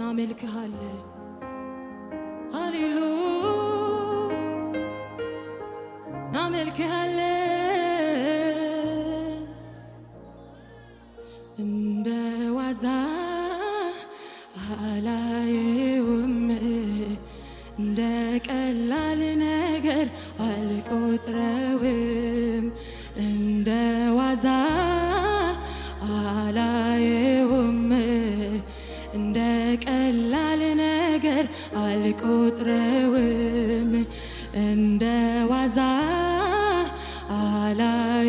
እናመልክሃለን። la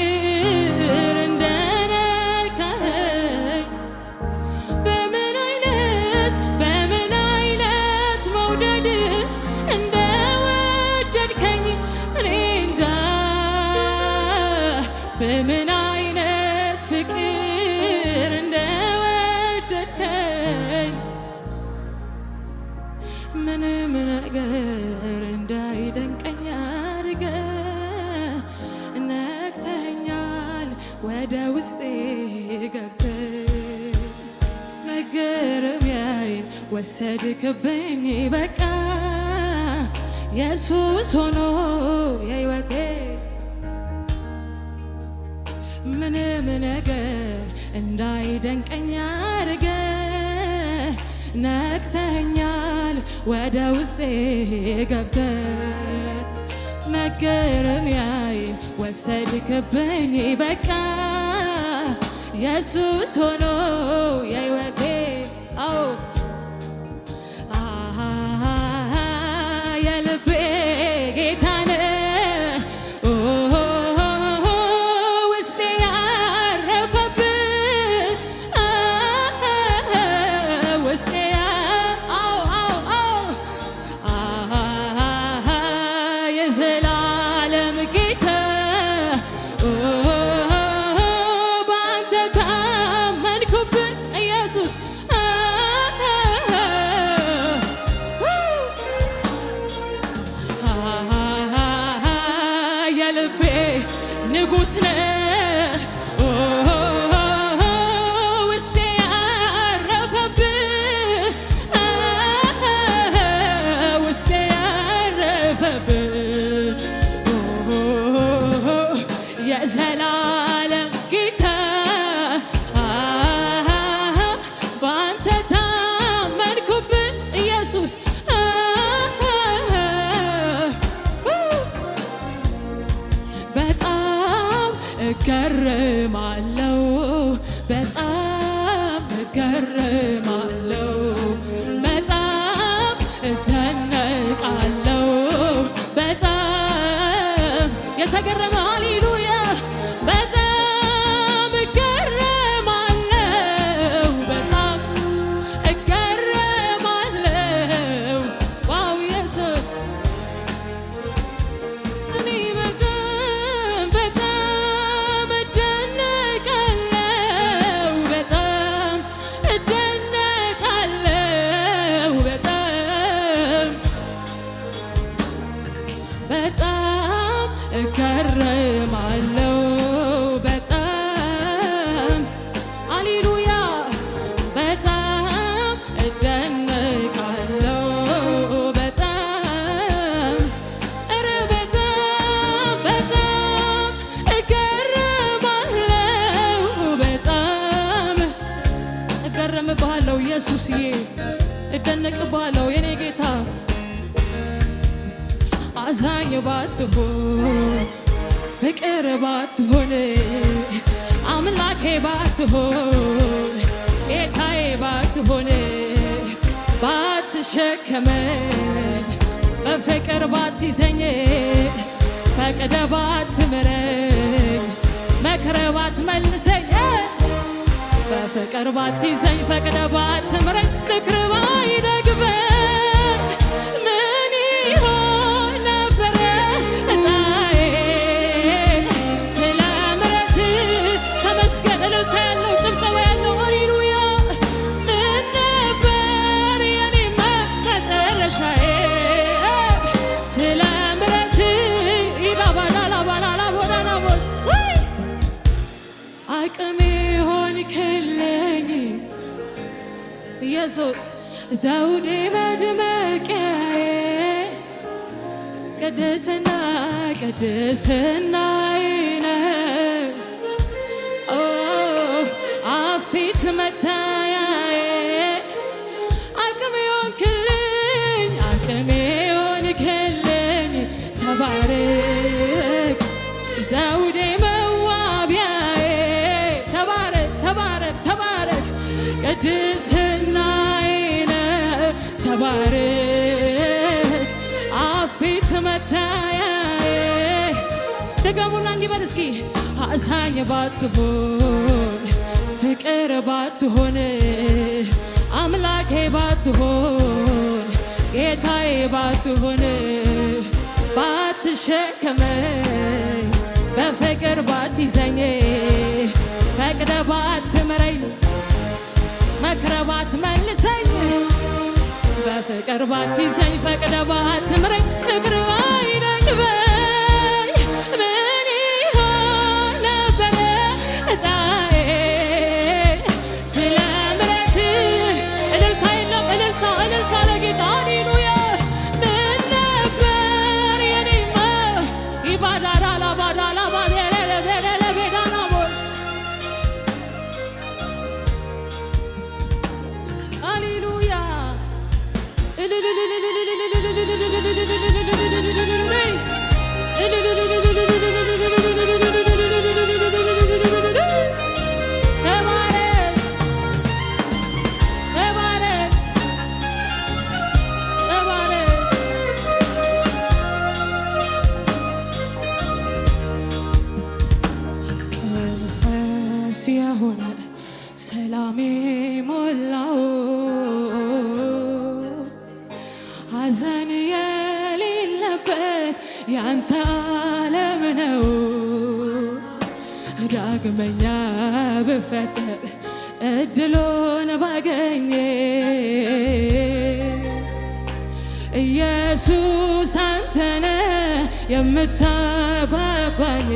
是。ወሰድክብኝ በቃ ኢየሱስ ሆኖ የህይወቴ ምንም ነገር እንዳይደንቀኝ አርገ ነቅተኛል ወደ ውስጤ ገብተ መገረም ወሰድክብኝ በቃ ኢየሱስ ሆኖ የህይወቴ አው ባትሆን ፍቅር ባትሆን አምላኬ ባትሆን ጌታዬ ባትሆን ባትሸከመ በፍቅር ባትይዘኝ ፈቅደ ባትምረኝ መክረ ባትመልሰኝ በፍቅር ባትይዘኝ ፈቅደ ባትምረኝ ምክር ባይደ ኢየሱስ ዘውዴ መድመቂያዬ ቅድስና ቅድስና ደጋሙና እንዲበል እስኪ አዛኝ ባትሆን ፍቅር ባትሆን አምላኬ ባትሆን ጌታዬ ባትሆን ባትሸከመኝ በፍቅር ባትይዘኝ ፈቅደ ባትምረኝ መክረ ባትመልሰኝ በፍቅር ባትይዘኝ ፈቅደ ባትምረኝ እግር ባይደኝ ሰላሜ ሞላው ሐዘን የሌለበት ያንተ ዓለም ነው። ዳግመኛ ብፈጠር እድሎን ባገኘ ኢየሱስ አንተነ የምታጓጓኝ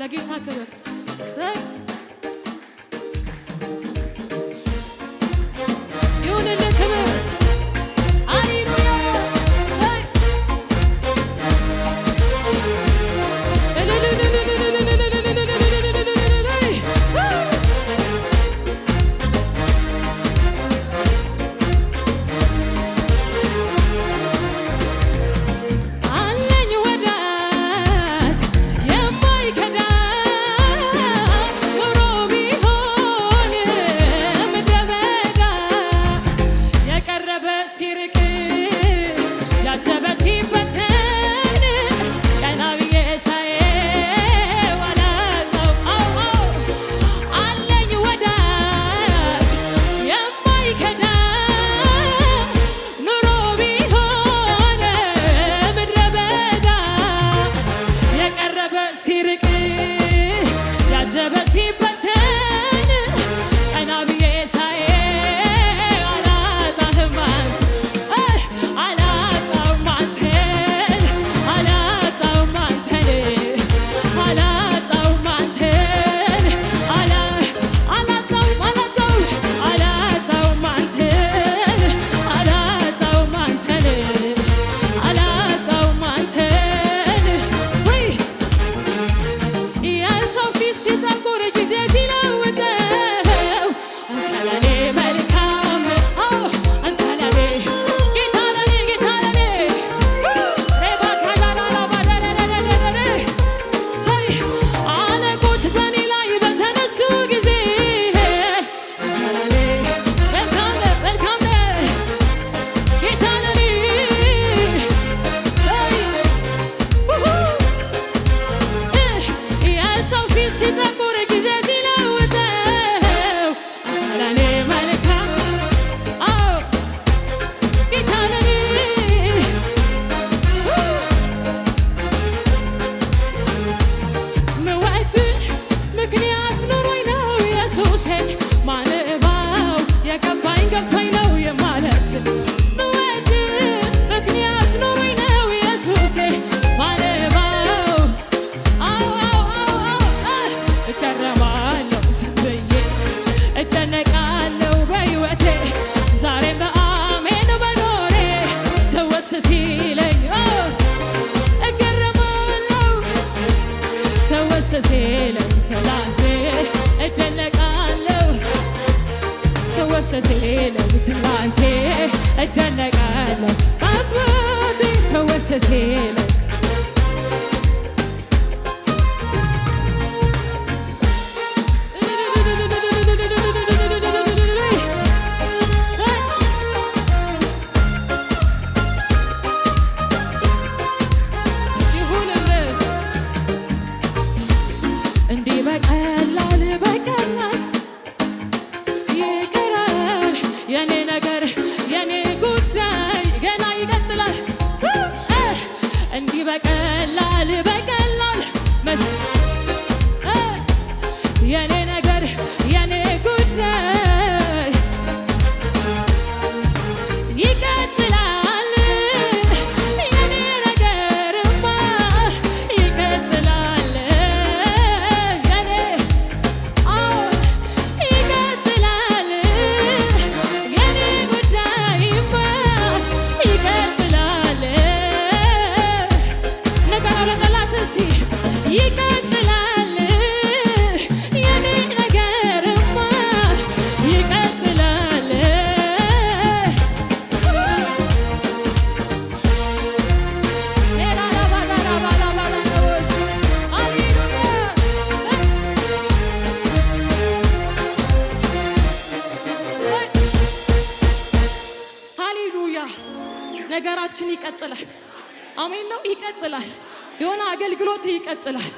ለጌታ ክብር በተላንቴ እደነቃለሁ ተወሰሴ ለትላንቴ እደነቃለሁ አባቴ ተወሰሴ ይቀጥላል። አሜን ነው፣ ይቀጥላል። የሆነ አገልግሎት ይቀጥላል።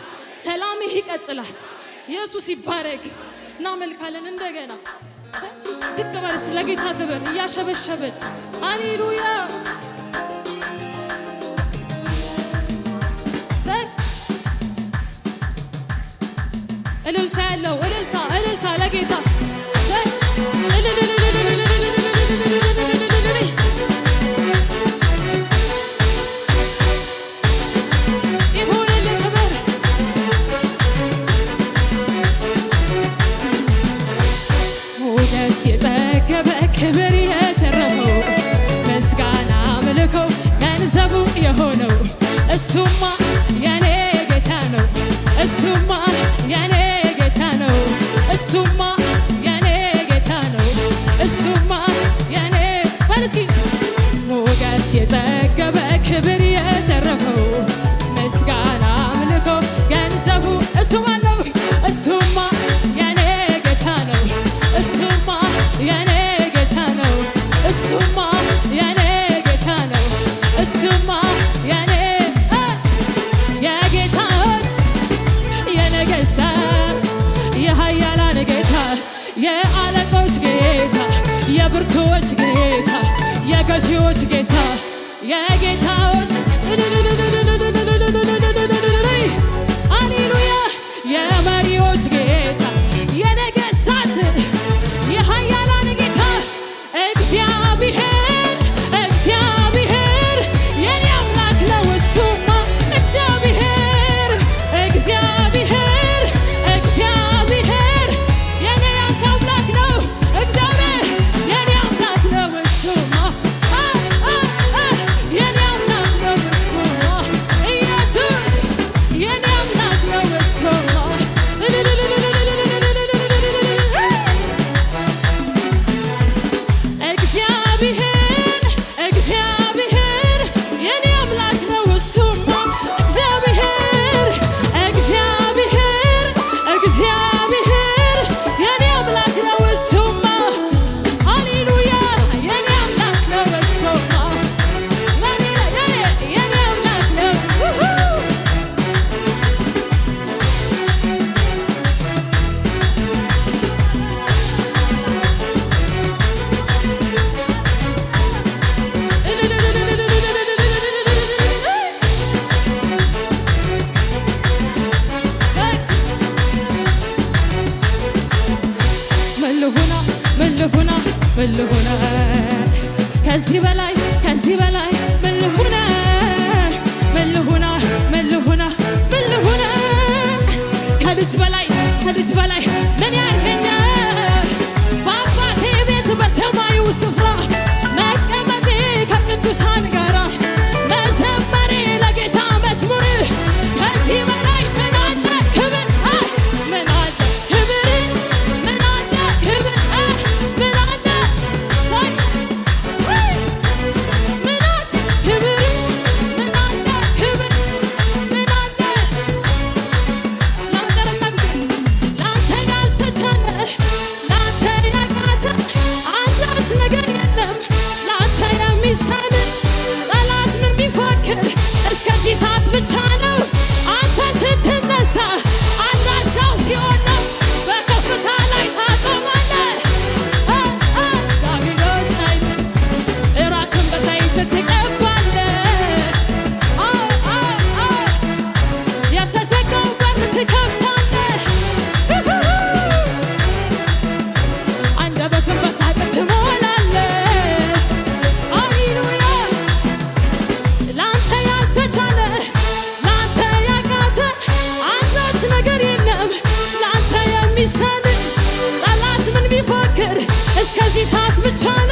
ሰላምህ ይቀጥላል። ኢየሱስ ይባረክ። እናመልካለን። እንደገና ዝቅ ለጌታ ክብር እያሸበሸብን ሃሌሉያ እልልታ ያለው እልልታ እልልታ ለጌታስ የጠገበ ክብር የተረፈው ምስጋና ምልከው ገንዘቡ የሆነው እሱማ የኔ ጌታ ነው። እሱማ የኔ ጌታ ነው። እሱማ የኔ ጌታ ነው። እሱማ የኔ ፈርስኪ ሞገስ የጠገበ ክብር የተረፈው ምስጋና ምልከው ገንዘቡ እሱ ማለው የብርቱዎች ጌታ የገዢዎች ጌታ የጌታ time time